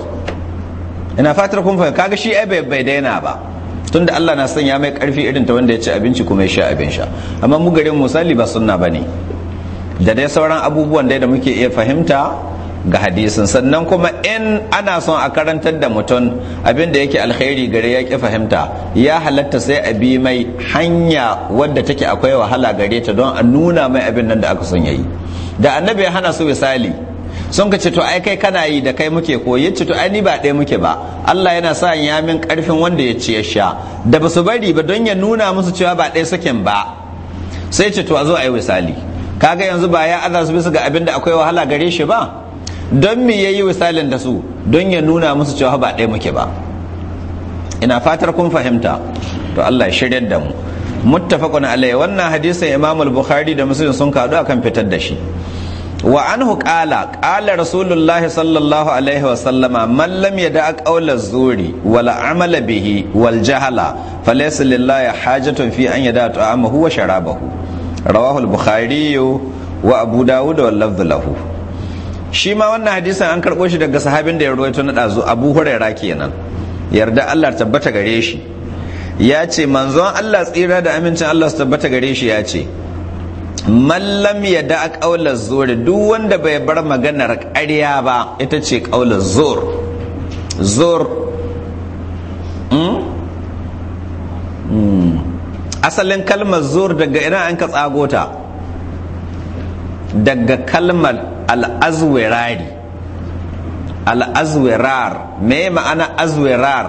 ina fatar kun fahimta kaga shi ai bai daina ba tunda Allah na sanya mai karfi irin ta wanda ya ci abinci kuma ya sha abin sha amma mu garin misali ba sunna bane da dai sauran abubuwan dai da muke iya fahimta ga hadisin sannan kuma in ana son a karantar da mutum abin da yake alkhairi gare ya ki fahimta ya halatta sai a bi mai hanya wadda take akwai wahala gare ta don a nuna mai abin nan da aka son yayi da annabi ya hana su misali sun ka ce to ai kai kana yi da kai muke koyi ce to ai ni ba ɗaya muke ba Allah yana sa ya min karfin wanda ya ci ya sha da ba su bari ba don ya nuna musu cewa ba ɗaya suke ba sai ce to a zo a yi misali kaga yanzu ba ya Allah su bisa ga abin da akwai wahala gare shi ba don me yi misalin da su don ya nuna musu cewa ba ɗaya muke ba ina fatar kun fahimta to Allah ya shiryar da mu muttafaqun alayhi wannan hadisin Imamul bukhari da Muslim sun kadu akan fitar da shi wa anhu qala qala rasulullahi sallallahu alaihi wa sallama man lam yada qawla zuri wal amala bihi wal jahala falaysa lillahi hajatun fi an yada ta'amahu huwa sharabahu rawahu al bukhari wa abu dawud wal lafdh shi ma wannan hadisin an karɓo shi daga sahabin da ya ruwaito na dazu abu hurairah kenan yarda Allah tabbata gare shi ya ce manzon Allah tsira da amincin Allah su tabbata gare shi ya ce mallam ya da ƙaular zori duk wanda bai bar maganar ƙarya ba ita ce ƙaular zor zor asalin kalmar zor daga ina an ka tsagota daga kalmar al'azwirari al'azwirar me ma'ana azwirar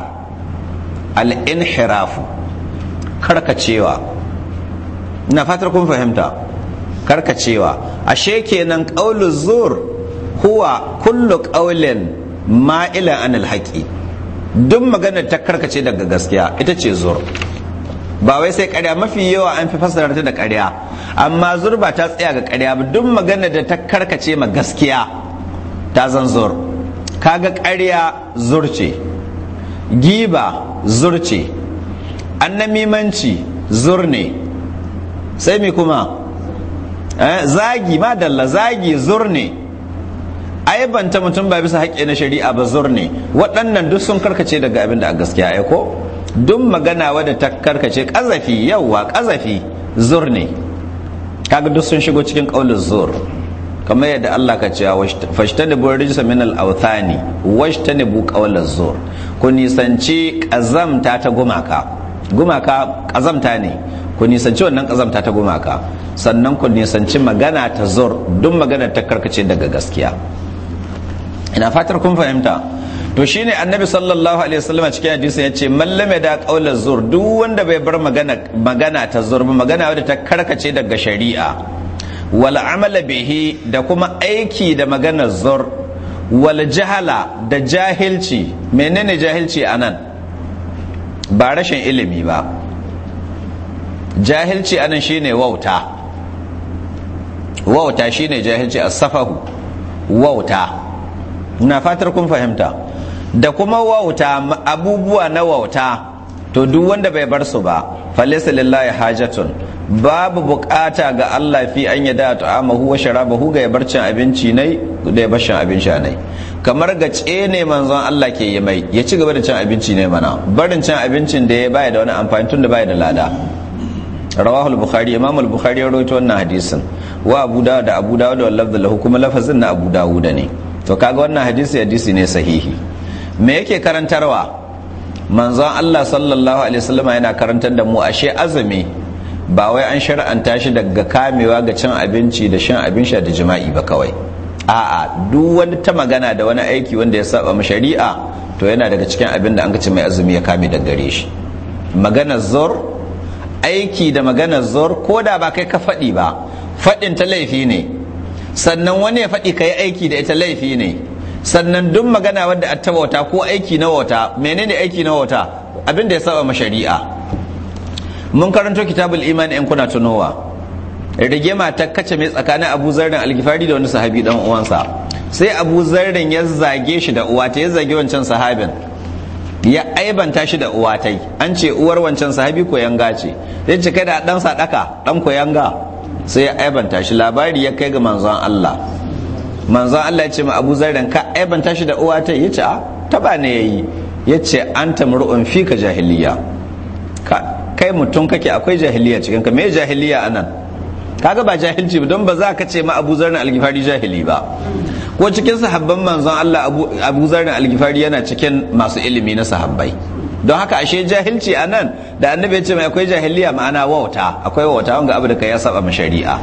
al'inhirafu karkacewa na fatar kun fahimta karkacewa ashe kenan ƙaulu zur huwa kullu ƙaulin ma'ilan an haqi duk maganar ta karkace daga gaskiya ita ce zur ba wai sai ƙarya mafi yawa an fi fassara ta da karya. amma zur ba ta tsaya ga karya ba duk maganar da ta karkace ma gaskiya ta zan zur kaga ƙarya zur ce giba zur ce annamimanci zur ne sai me kuma Eh, zagi ma dalla zagi zurne Ai ban ta mutum ba bisa haƙƙi na shari'a ba zurne waɗannan duk sun karkace daga abin da a gaskiya ya ko duk magana wadda ta karkace ƙazafi yawwa ƙazafi zurne kaga duk sun shigo cikin ƙaunar zur kamar yadda Allah ka cewa buwar rijsa min al-awthani da qawla zur ku nisanci ƙazamta ta gumaka gumaka ƙazamta ne ku nisanci wannan ƙazamta ta gumaka sannan ku nisanci magana ta zor duk magana ta karkace daga gaskiya ina fatar kun fahimta to shine annabi sallallahu alaihi wasallam cikin hadisi ya ce mallame da qaulaz zur duk wanda bai bar magana magana ta zur magana wadda ta karkace daga shari'a wal amala bihi da kuma aiki da magana zor wal jahala da jahilci menene jahilci anan ba rashin ilimi ba jahilci anan shine wauta wauta shine jahilci a safahu wauta na fatar kun fahimta da kuma wauta abubuwa na wauta to duk wanda bai bar su ba falisa lillahi hajatun babu bukata ga Allah fi an ya da huwa sharaba huwa ga barcin abinci nai da barcin abin sha nai kamar ga ne manzon Allah ke yi mai ya ci gaba da cin abinci ne mana barin cin abincin da ya baya da wani amfani tun da baya da lada rawahu al-bukhari imam al-bukhari ya rawaito wannan hadisin wa abu dawud da abu dawud da lafzul lahu kuma lafazin na abu dawud ne to kaga wannan hadisi hadisi ne sahihi me yake karantarwa manzon Allah sallallahu alaihi wasallam yana karantar da mu ashe azumi ba wai an shar'anta shi daga kamewa ga cin abinci da shan abin sha da jima'i ba kawai a'a duk wani ta magana da wani aiki wanda ya saba shari'a to yana daga cikin abin da an ci mai azumi ya kame da gare shi maganar zor aiki da magana zor ko da ba kai ka faɗi ba faɗin ta laifi ne sannan wani ya faɗi ka yi aiki da ita laifi ne sannan duk magana wadda a ta wauta ko aiki na wauta menene aiki na wauta abin da ya saba shari'a mun karanto kitabul iman in kuna tunowa ma ta kace mai tsakanin abu zarrin algifari da wani sahabi dan uwansa sai abu zarrin ya zage shi da uwa ta ya zage wancan sahabin ya aibanta shi da uwa ta an ce uwar wancan sahabi koyanga ce zai cika da dan sadaka dan koyanga sai ya aibanta shi labari ya kai ga manzon Allah manzon Allah ya ce ma abu zarrin ka aibanta shi da uwa ta ya ce a ah, taba ne yayi ya ce an tamru'un fika jahiliya ka kai mutum kake akwai jahiliya cikin ka me jahiliya anan kaga ba jahilci ba don ba za ka ce ma Abu Zarna al jahili ba ko cikin sahabban manzon Allah Abu Zarna al yana cikin masu ilimi na sahabbai don haka ashe jahilci anan da annabi ya ce mai akwai jahiliya ma'ana wauta akwai wauta wanga abu da kai ya saba ma shari'a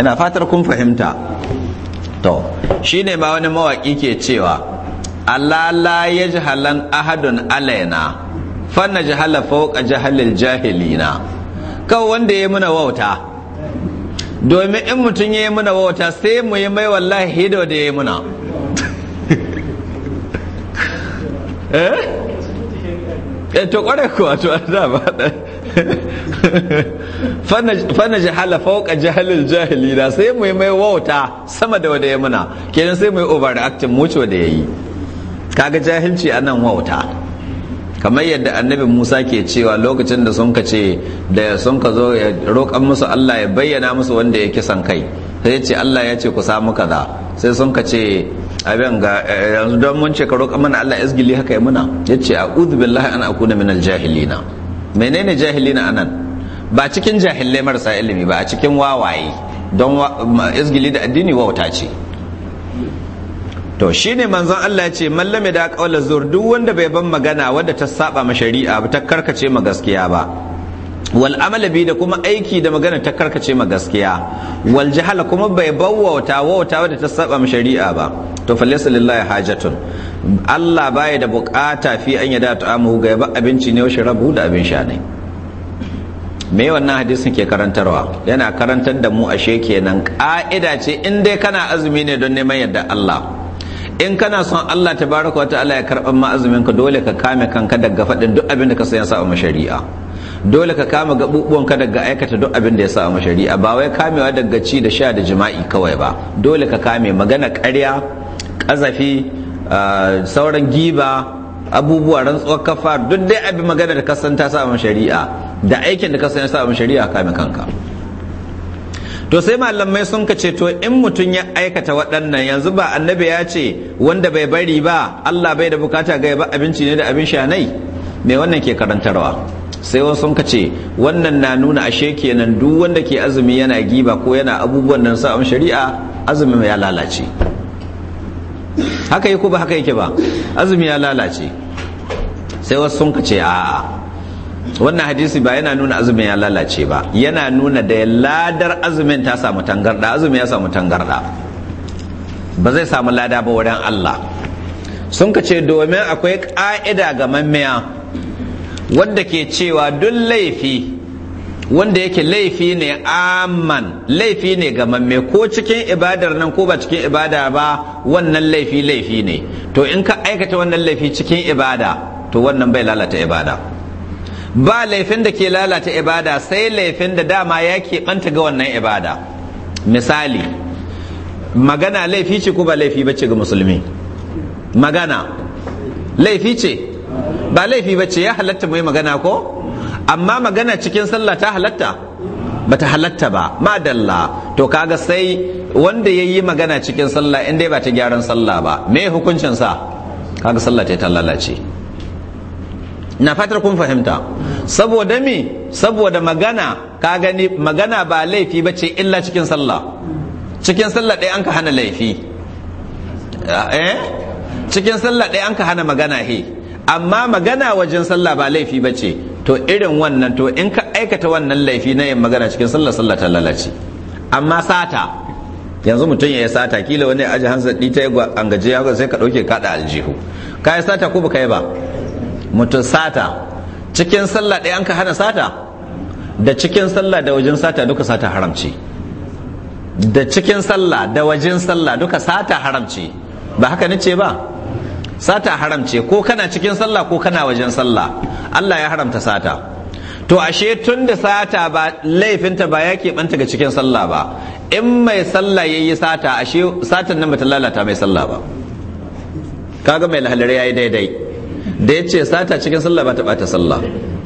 ina fatar kun fahimta to shine ma wani mawaki ke cewa Allah la yajhalan ahadun alaina fanna jahala fauka jahalil jahilina kawai wanda ya muna wauta domin in mutum ya yi muna wauta sai mu yi mai wallahi hido da ya yi muna <laughs> eh? eh to kware kuwa to da <laughs> fanna jahala fauka jahalil jahilina sai mu yi mai wauta sama da wanda ya muna kenan sai mu yi overreacting mucho da ya yi kaga jahilci anan wauta kamar yadda annabi musa ke cewa lokacin da sun ka ce da sun ka zo ya roƙan musu allah ya bayyana musu wanda ya kisan kai sai ce allah ya ce ku samu kaza sai sun ka ce abin ga eh, yanzu don mun ce ka roƙa mana allah izgili haka ya muna ya ce a billahi an akuna minal jahilina. menene jahilina anan ba cikin jahilai marasa ilimi ba a cikin wawaye don izgili da addini wauta ce to shi ne manzon Allah ya ce mallame da qawla zur duk wanda bai ban magana wadda ta saba ma shari'a ba ta karkace ma gaskiya ba wal amala bi da kuma aiki da magana ta karkace ma gaskiya wal jahala kuma bai bawwata wauta wadda ta saba ma shari'a ba to falaysa lillahi hajatun Allah baya da bukata fi an yada ta'amu ga yaba abinci ne wa Rabu da abin sha ne me wannan hadisin ke karantarwa yana karantar da mu ashe kenan ka'ida ce in dai kana azumi ne don neman yadda Allah in kana son Allah ta baraka wa ta'ala ya karɓar ma'azumin ka dole ka kame kanka daga faɗin duk abin da ka sayan sa shari'a dole ka kama gaɓuɓuwan ka daga aikata duk abin da ya sa shari'a ba wai kamewa daga ci da sha da jima'i kawai ba dole ka kame magana ƙarya ƙazafi ah, sauran giba abubuwa rantsuwar kafa duk dai abin magana da ka san ta sa shari'a da aikin da ka san ya sa shari'a kame kanka to sai malamai sun ka ce to in mutum ya aikata waɗannan yanzu ba annabi ya ce wanda bai bari ba Allah bai da bukata ga ba abinci ne da abin shanai me wannan ke karantarwa sai wasu sun ka ce wannan na nuna ashe kenan duk wanda ke azumi yana giba ko yana abubuwan nan sa'an shari'a azumi ya lalace haka yi ko ba haka yake ba azumi ya lalace sai wasu sun ka ce a'a wannan hadisi ba yana nuna azumin ya lalace ba yana nuna da ladar azumin ta samu tangarda azumin ya samu tangarda ba zai samu lada ba wurin Allah sun ka ce domin akwai ƙa'ida ga mammiya wadda ke cewa duk laifi wanda yake laifi ne aman laifi ne ga mamme ko cikin ibadar nan ko ba cikin ibada ba wannan laifi laifi ne to in ka aikata wannan laifi cikin ibada to wannan bai lalata ibada ba laifin da ke lalata ibada sai laifin da dama ya ke ɓanta ga wannan ibada misali magana laifi ce ko ba laifi bace ga musulmi magana laifi ce ba laifi bace ya halatta mai magana ko amma magana cikin sallah ta halatta bata halatta ba madalla to kaga sai wanda ya yi magana cikin sallah inda ba ta gyaran sallah ba me hukuncin sa kaga sallah ta lalace na fatar kun fahimta saboda mi saboda magana ka gani magana ba laifi ba ce illa cikin sallah cikin sallah ɗaya an ka hana laifi eh cikin sallah ɗaya an ka hana magana he amma magana wajen sallah ba laifi ba ce to irin wannan to in ka aikata wannan laifi na yin magana cikin sallah sallah ta lalace amma sata yanzu mutum ya yi sata kila wani aji hansa ɗita ya angaje ya sai ka ɗauke kaɗa aljihu ka yi sata ko ba ka yi ba mutum sata cikin sallah ɗaya an ka hana sata da cikin sallah da wajen sata duka sata haramci da cikin sallah da wajen sallah duka sata haramci ba haka nace ba sata haramce ko kana cikin sallah ko kana wajen sallah Allah ya haramta sata to ashe tun da sata ba laifinta ba ya keɓanta ga cikin sallah ba in mai sallah ya yi sata ashe satan nan bata lalata mai sallah ba kaga mai lahalar ya yi daidai da ya ce sata cikin sallah ba ta ɓata sallah